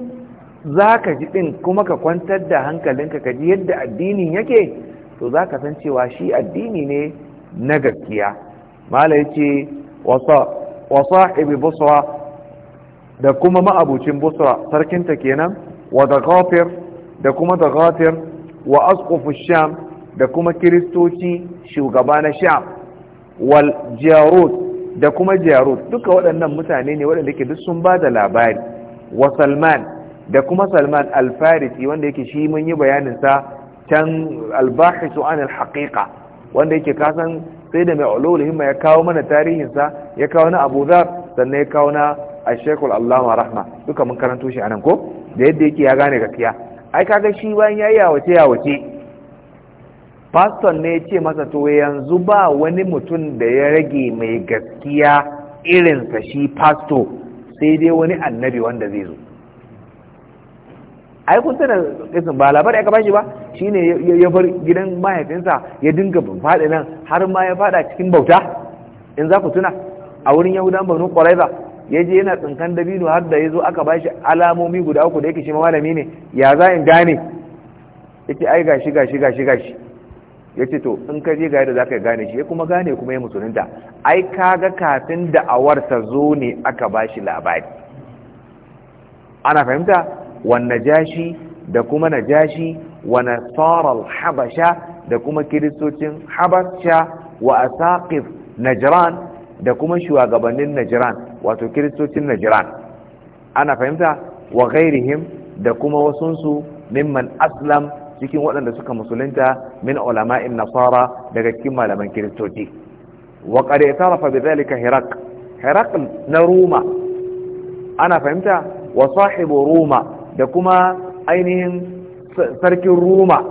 za ka ji ɗin kuma ka kwantar da hankalinka ka ji yadda addinin yake to za ka san cewa shi addini ne na gaskiya mala ya ce wasa ibi busra da kuma ma'abucin busra sarkinta kenan wa da gafir da kuma da gafir wa askufu sham da kuma kiristoci shugaba na sham wal da kuma jarud duka waɗannan mutane ne waɗanda ke duk sun ba da labari wa salman da kuma salman alfarisi wanda yake shi mun yi bayaninsa can albahisu an haƙiƙa. wanda yake kasan sai da mai ulul himma ya kawo mana tarihinsa ya kawo na abu sannan ya kawo na ashekul allama rahma duka mun karanto shi anan ko da yadda yake ya gane gaskiya ai kaga shi bayan ya yi yawace yawace pastor ne ya ce masa to yanzu ba wani mutum da ya rage mai gaskiya irinsa shi pastor sai dai wani annabi wanda zai zo ai kun tana kisan ba labari aka bashi ba shine ya bar gidan mahaifinsa ya dinga faɗi nan har ma ya faɗa cikin bauta in za ku tuna a wurin yahudan banu ƙwaraiza ya je yana tsinkan dabino har da ya zo aka bashi alamomi guda uku da yake shi malami ne ya za in gane yake ai gashi gashi gashi gashi ya ce to in ka je ga yadda za ka gane shi ya kuma gane kuma ya musulunta ai kaga kafin da awarsa zo ne aka ba shi labari ana fahimta wanne jashi da kuma najashi wa nasarar habasha da kuma kiristocin habasha wa asaqif najran da kuma shugabannin najran wato kiristocin najran ana fahimta wa gairihim da kuma wasunsu mimman aslam cikin waɗanda suka musulunta min ulama'in nasara daga cikin malaman kiristoci wa qad itarafa bidhalika hiraq hiraq na roma ana fahimta wa sahibu roma da kuma ainihin sarkin roma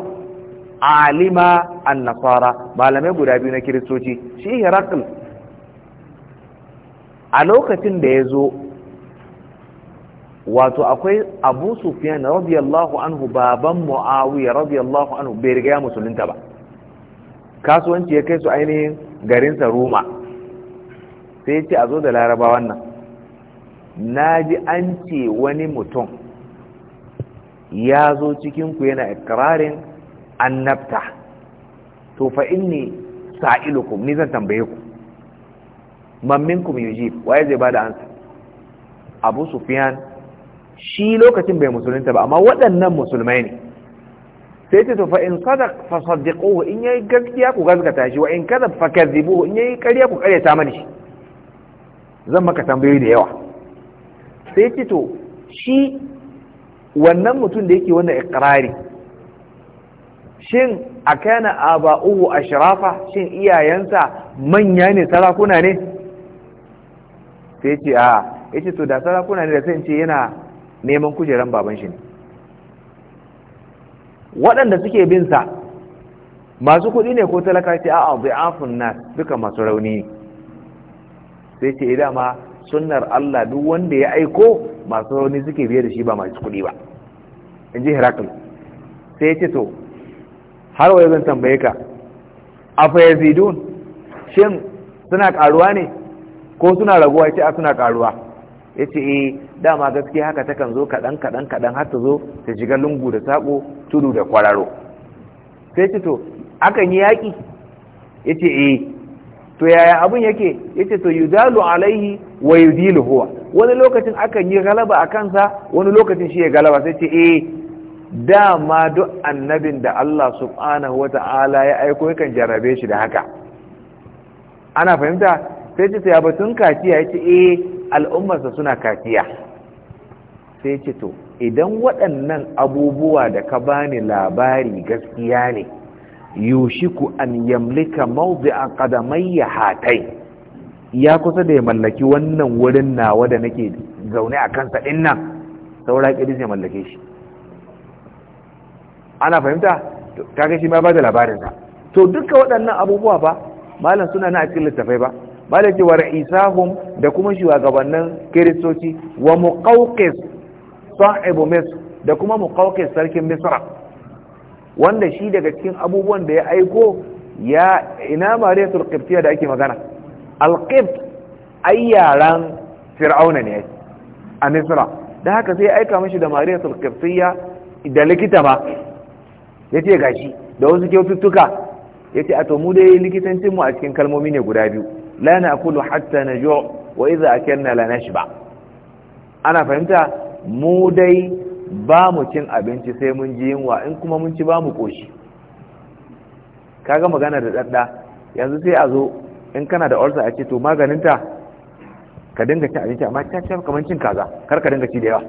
alima an-nasara malamai guda biyu na kiristoci shi hiraq a lokacin da ya zo wato akwai abu sufiyan radiyallahu anhu baban muawiya radiyallahu anhu bai riga ya musulunta ba kasuwanci ya kai su ainihin garinsa roma sai ya ce a zo da laraba wannan na ji an ce wani mutum ya zo cikinku yana ikirarin annabta to fa inni sa'ilukum ni zan tambaye ku man minkum yujib waye zai bada ansa abu Sufiyan. shi lokacin bai musulunta ba amma waɗannan musulmai ne sai ce to fa in kada fa saddiquhu in yayi gaskiya ku gaskata shi wa in kada fa kadhibuhu in yayi ƙarya ku ta mani zan maka tambayoyi da yawa sai ce to shi wannan mutum da yake wannan iqrari shin akana aba'uhu ashrafa shin iyayensa manya ne sarakuna ne sai ce a yace to da sarakuna ne da sai in ce yana neman kujeran baban shi ne waɗanda suke bin sa masu kuɗi ne ko talaka ce a'a bi'afun nas duka masu rauni sai ce idan eh, ma sunnar Allah duk wanda ya aiko masu rauni suke biye da shi ba masu kuɗi ba in ji Herakl sai ce to har wa zan tambaye ka afa yazidun shin suna karuwa ne ko suna raguwa ce a suna ƙaruwa? ya ce eh dama gaskiya haka takan zo kaɗan kaɗan kaɗan har ta zo ta shiga lungu da saƙo tudu da kwararo sai ce to akan yi yaƙi ya ce eh to yaya abin yake ya ce to yudalu alaihi wa yudilu huwa wani lokacin akan yi galaba a kansa wani lokacin shi ya galaba sai ce eh dama duk annabin da Allah subhanahu wa ta'ala ya aiko yakan jarabe shi da haka ana fahimta sai ce ya batun kaciya ya ce eh al'ummarsa suna kafiya sai ce to idan waɗannan abubuwa da ka bani labari gaskiya ne yushiku an yamlika ƙadamai ya hatai ya kusa da ya mallaki wannan wurin nawa da nake zaune a kansa ɗin nan saura kidi ya mallake shi ana fahimta kaga shi ma ba da labarin to duka waɗannan abubuwa ba malam suna na a cikin littafai ba malaki wa ra'isahum da kuma shugabannin kiristoci wa muqawqis sahibu misr da kuma muqawqis sarkin misra wanda shi daga cikin abubuwan da ya aiko ya ina mariyatul qibtiyya da ake magana alqibt ai yaran fir'auna ne a misra da haka sai ya aika mashi da Mariya qibtiyya da likita ba yace gashi da wasu kyaututtuka yace a to mu dai likitancin mu a cikin kalmomi ne guda biyu la na'kulu hatta najuu wa idza akalna la nashba ana fahimta mu dai ba mu cin abinci sai mun ji yunwa in kuma mun ci ba mu koshi kaga magana da dadda yanzu sai a zo in kana da ulcer a ce to maganinta ka dinga cin abinci amma ta ce kamar cin kaza kar ka dinga ci da yawa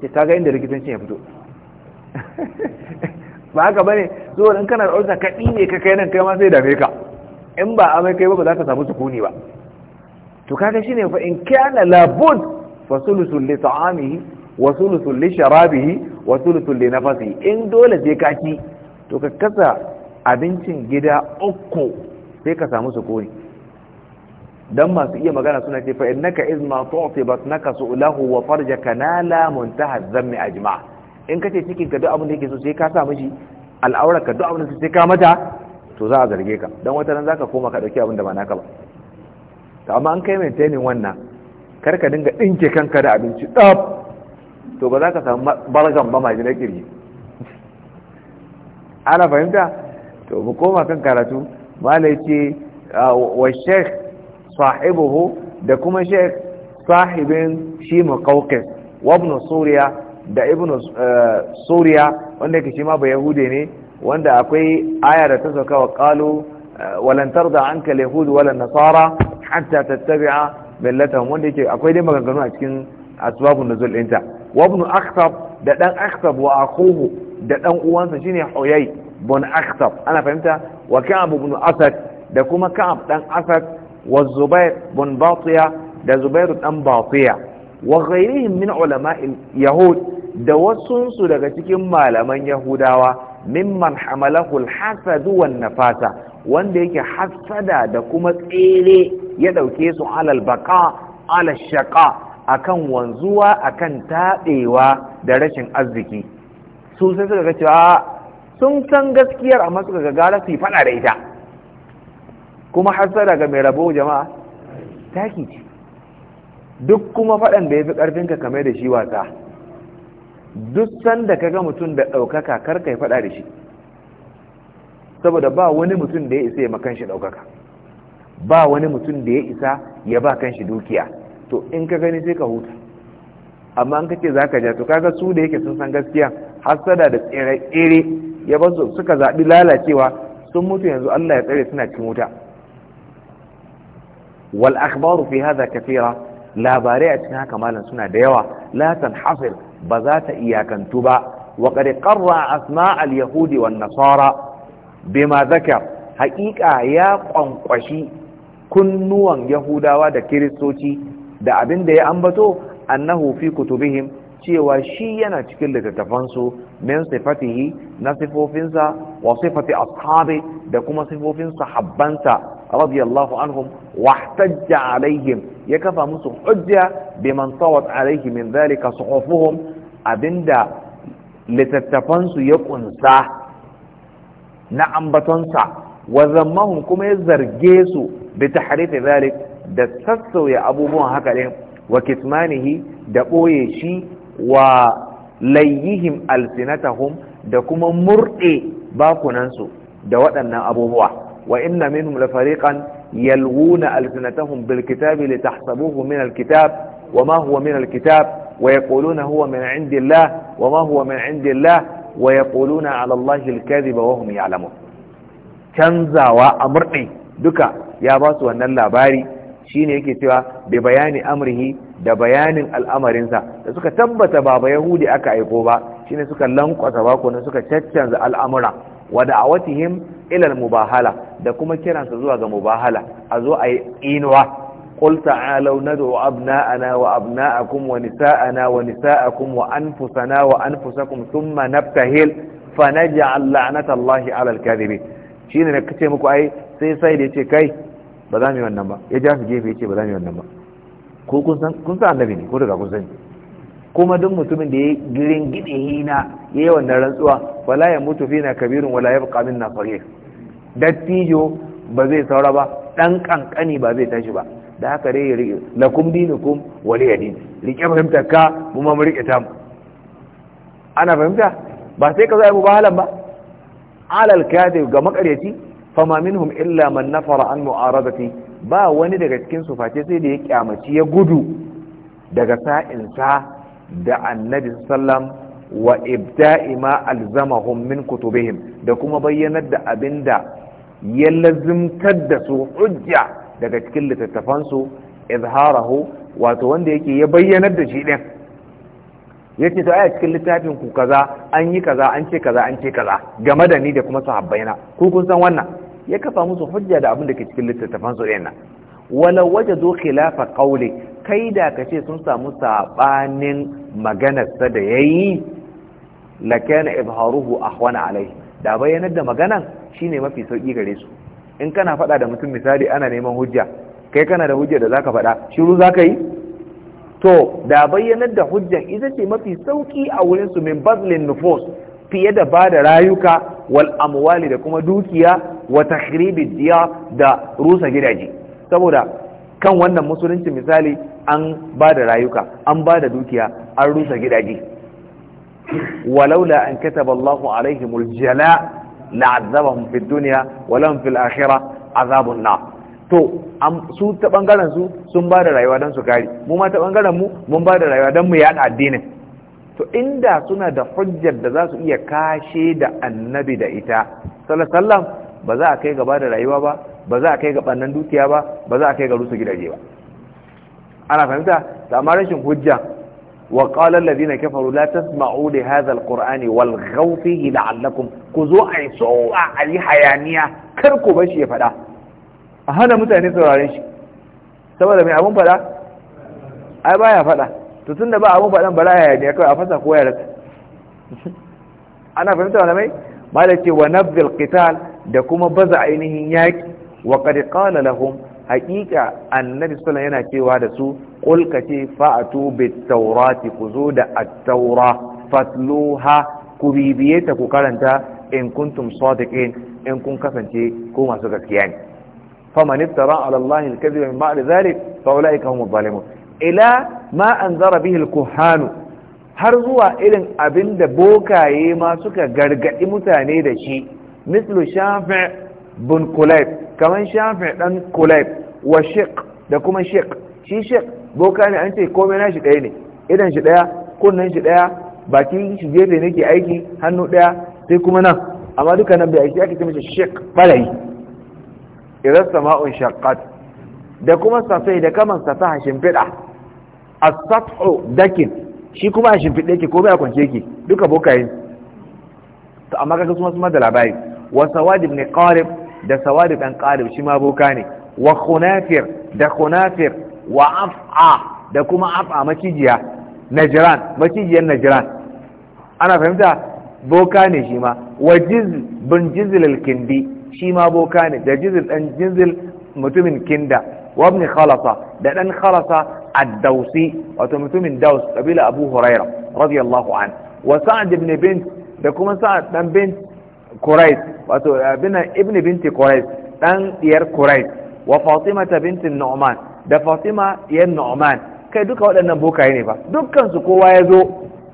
sai kaga inda rikitan ya fito ba haka bane zuwa in kana da ulcer ka dine ka kai nan kai ma sai dame ka in ba amai kai ba ba za ka samu sukuni ba to kaga shine fa in kana labud fa sulusul li ta'amihi wa sulusul li sharabihi wa sulusul li in dole sai ka ci to ka kasa abincin gida uku sai ka samu sukuni dan masu iya magana suna ce fa innaka izma bas nakasu lahu wa farjaka nala muntaha dhammi ajma in kace cikin ka duk abin da yake so sai ka sa mishi ka duk abin da sai ka mata to za a zarge ka don wata nan za ka koma ka ɗauki abinda ba naka ba to amma an kai maintaining wannan karka dinga ɗinke kanka da abinci ɗaf to ba za ka samu bargan ba mai kirgi [LAUGHS] ana fahimta to mu koma kan karatu malai ce wa sheikh sahibuhu da kuma sheikh sahibin shi muqawqis wa da ibn eh, suriya wanda yake shi ma ba yahude ne wanda akwai aya da ta sauka wa qalu eh, walan tarda anka alyahud wala nasara hatta tattabi'a millatahum wanda yake akwai dai maganganu a cikin asbabun nuzul ɗinta wa ibn akhtab da dan akhtab wa akhuhu da dan uwansa shine huyay Bun akhtab ana fahimta wa ka'ab ibn asad da kuma ka'ab dan asad wa zubair Bun batiya da zubair dan batiya wa ghayrihim min ulama yahud da wasunsu daga cikin malaman yahudawa mimman hamalahu alhasadu wan nafasa wanda yake hasada da kuma tsere ya dauke su alal baka ala shaqa akan wanzuwa akan taɗewa da rashin arziki su sai suka ga cewa sun san gaskiyar amma suka ga gara su fada da ita kuma hasada ga mai rabo jama'a taki ce duk kuma fadan da ya fi ƙarfinka kamar da shi wasa duk sanda ka ga mutum da ɗaukaka kar ka faɗa da shi saboda ba wani mutum da ya isa ya makanshi ɗaukaka ba wani mutum da ya isa ya ba kanshi dukiya to in ka gani sai ka huta amma an za zaka ja to kaga su da yake sun san gaskiya hasada da tsere ya ba su suka zaɓi lalacewa sun mutu yanzu Allah ya tsare suna cikin wuta wal akhbaru fi hadha kathira labarai a cikin haka malam suna da yawa la tanhasir ba za ta iyakantu ba wa qad qarra asma al yahudi wan nasara bima zakar haƙiƙa ya ƙwanƙwashi kunnuwan yahudawa da kiristoci da abin da ya ambato annahu fi kutubihim cewa shi yana cikin littattafansu min sifatihi na sifofinsa wa sifati ashabi da kuma sifofin sahabbansa radiyallahu anhum wahtajja alaihim ya kafa musu hujja biman sawat alaihi min dhalika suhufuhum abinda littattafansu ya kunsa na ambatonsa wa kuma ya zarge su bi tahrifi zalik da sassauya abubuwan haka din wa kitmanihi da ɓoye shi wa layyihim alsinatahum da kuma murde bakunansu da waɗannan abubuwa wa inna minhum la fariqan yalwuna alsinatahum bilkitabi kitabi litahsabuhu min al kitab wa ma huwa min al kitab wa yaquluna huwa min indillah wa ma huwa min indillah wa yaquluna ala allahi alkadhiba wa canzawa a murɗi duka ya ba su wannan labari shine yake cewa bi bayani amrihi da bayanin al'amarinsa da suka tabbata ba ba yahudi aka aiko ba shine suka lankwasa bakuna suka caccanza al'amura wa da'awatihim ilal mubahala da kuma kiransa zuwa ga mubahala a zo a yi inuwa قل تعالوا ندعو أبناءنا وأبناءكم ونساءنا ونساءكم وأنفسنا وأنفسكم ثم نبتهل فنجعل لعنة الله على الكاذبين shine ne kace muku ai sai sai da yace kai ba za mu yi wannan ba ya ja su gefe yace ba za mu yi wannan ba ko kun san kun ne ko daga kun sani kuma duk mutumin da ya girin gide hina yayi wannan rantsuwa wala ya mutu fina kabirun wala dattijo ba zai saura ba ɗan ƙanƙani ba zai tashi ba da haka dai ya rike lakum dinukum wali yadin rike fahimtar ka mu ma rike ta mu ana fahimta ba sai ka zai mu bahalan ba alal kadib ga makaryaci fama minhum illa man nafara an mu'aradati ba wani daga cikin su face sai da ya kyamaci ya gudu daga sa da annabi sallam wa ibda'i ma alzamahum min kutubihim da kuma bayyanar da abinda ya lazimtar da su hujja daga cikin littattafansu izharahu wato wanda yake ya bayyanar da shi din yace to aya cikin littafin ku kaza an yi kaza an ce kaza an ce kaza game da ni da kuma sahabbaina ku kun san wannan ya kafa musu hujja da abin da ke cikin littattafansu din nan walau wajadu khilafa qawli kai da kace sun samu sabanin maganarsa da yayi lakana izharuhu ahwana alai da bayyanar da maganan shine mafi sauki gare su in kana faɗa da mutum misali ana neman hujja kai kana da hujja da zaka faɗa shiru zaka yi to da bayyanar da hujjan ita ce mafi sauki a wurin su min bazlin nufus fiye da ba da rayuka wal amwali da kuma dukiya wa takhribi diya da rusa gidaje saboda kan wannan musulunci misali an ba da rayuka an ba da dukiya an rusa gidaje walaula an kataba Allahu alaihimul jala' la'azzabahum fi dunya wa lahum fil akhirah azabun nar to su ta bangaren su sun ba da rayuwa dan su kare mu ma ta bangaren mu mun ba da rayuwa dan mu yada addinin to inda suna da hujjar da za su iya kashe da annabi da ita sallallahu ba za a kai gaba da rayuwa ba ba za a kai ga bannan dukiya ba ba za a kai ga rusu gidaje ba ana fahimta da amma rashin hujja wa qala alladhina kafaru la tasma'u li hadha alqur'ani wal ghaw fihi la'allakum ku zo ai so a ali hayaniya kar ku bar ya fada a hana mutane sauraren shi saboda mai abun fada ai baya fada to tunda ba abun fadan bara hayaniya kai a fasa ko ya rasa ana fahimta wala mai malaki wa nabdil da kuma baza ainihin yaki wa annabi yana cewa da su qul ka ce fa'atu bit taurati ku zo da at-taura fatluha ku bibiyeta ku karanta in kuntum sadiqin in kun kasance ko masu gaskiya ne faman iftara ala allahi al-kadhib min ila al har zuwa irin abinda bokaye ma suka gargaɗi mutane da shi mislu shafi' bin kulayb kaman shafi' ɗan kulayb wa shiq da kuma shek shi shiq boka ne an ce komai nashi ɗaya ne idan shi ɗaya kunnen shi ɗaya bakin shi gefe nake aiki hannu ɗaya sai kuma nan amma duka nan bai aiki ake ce mace shek balayi irar sama'un shakkat da kuma safai da kaman safa shimfiɗa a satu dakin shi kuma a shimfiɗe yake komai a kwance yake duka boka yi to amma kaga kuma suma da labari wa sawadib ne qarib da sawadib ibn qarib shi ma boka ne wa khunafir da khunafir wa af'a da kuma af'a macijiya najran macijiyar najran ana fahimta boka ne shi ma wa jiz bin jizl al-kindi shi ma boka ne da jizl dan jizl mutumin kinda wa ibn khalasa da dan khalasa ad dawsi wato mutumin daws kabila abu huraira radiyallahu an wa sa'd ibn bint da kuma sa'd dan bint quraish wato ibn ibn binti quraish dan diyar quraish wa fatimah bint nu'man da fatima yan nu'man kai duka waɗannan bokaye ne ba dukkan kowa ya zo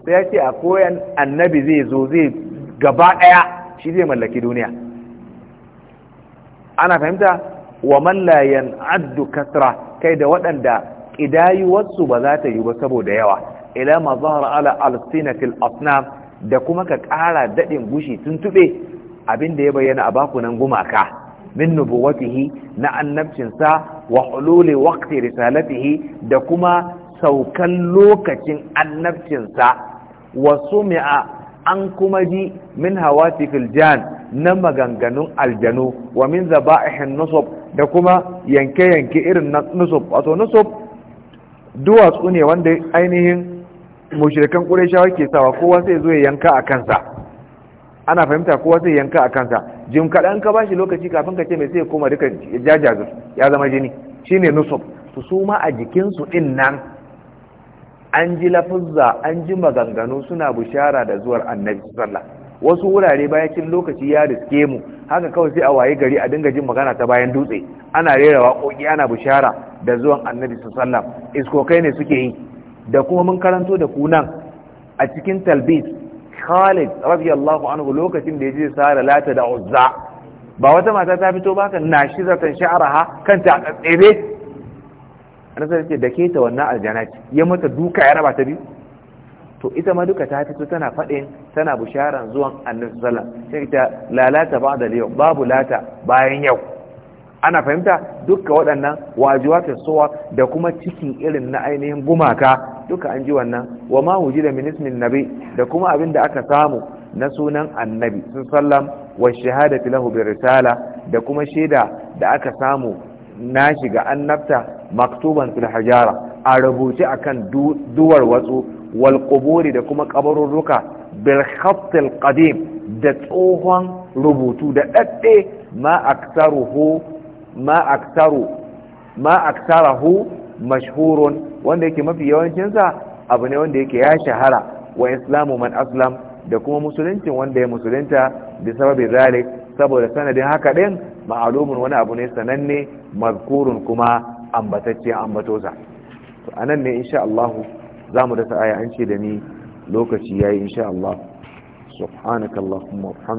sai ya ce a koyan annabi zai zo zai gaba ɗaya shi zai mallaki duniya ana fahimta wa mallayen addu kasra kai da waɗanda wasu ba za ta yi ba saboda yawa ila ma zahara ala alsinatil asnam da kuma ka ƙara daɗin gushi tuntube abin da ya bayyana a nan gumaka min nubuwatihi na annabcinsa wa hululi waqti risalatihi da kuma saukan lokacin annabcinsa wa sumi'a an kuma ji min hawa jan na maganganun aljanu wa min zaba'ihin nusub da kuma yanke-yanke irin na nusub wato nusub duwatsu ne wanda ainihin mushrikan kuraishawa ke sawa kowa sai zo yanka a kansa ana fahimta kowa sai yanka a kansa jim kaɗan ka bashi lokaci kafin ka ce mai sai koma duka jajazir ya zama jini shine nusuf su su ma a jikinsu ɗin nan an ji lafuzza an ji maganganu suna bushara da zuwar annabi sallah wasu wurare bayan lokaci ya riske mu haka kawai sai a waye gari a dinga jin magana ta bayan dutse ana rera waƙoƙi ana bushara da zuwan annabi sallah iskokai ne suke yi da kuma mun karanto da kunan a cikin talbis Khalid radiyallahu anhu lokacin da yaje sare lata da Uzza ba wata mata ta fito ba kan nashi zatan sha'araha kanta a an sai ce da ke ta wannan aljana ya mata duka ya raba ta biyu to ita ma duka ta fito tana faɗin tana bisharan zuwan annabi sallallahu alaihi wasallam sai ta lalata ba'da yau babu lata bayan yau ana fahimta dukka waɗannan wajiwatin sowa da kuma cikin irin na ainihin gumaka duka an ji wannan wa ma hujira min ismin nabi da kuma abin da aka samu na sunan annabi sun sallam wa shahadati lahu bi risala da kuma shaida da aka samu na shiga annabta maktuban fil hajara a rubuce akan duwar watsu wal quburi da kuma kabarurruka bil khatt al qadim da tsohon rubutu da dadde ma aktaruhu ma aktaru ma aktarahu mashhurun wanda yake mafi yawancinsa abu ne wanda yake ya shahara wa islamu man aslam da kuma musuluncin wanda ya musulunta bi sababin zalik saboda sanadin haka ɗin, ma'alumin wani abu ne sananne mazkurun kuma ambatacce ambatosa to anan ne insha Allah zamu dasa sa'aya an ce da ni lokaci yayi insha Allah subhanaka allahumma wa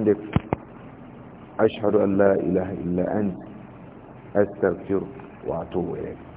ashhadu an la ilaha illa anta astaghfiruka wa atubu ilayk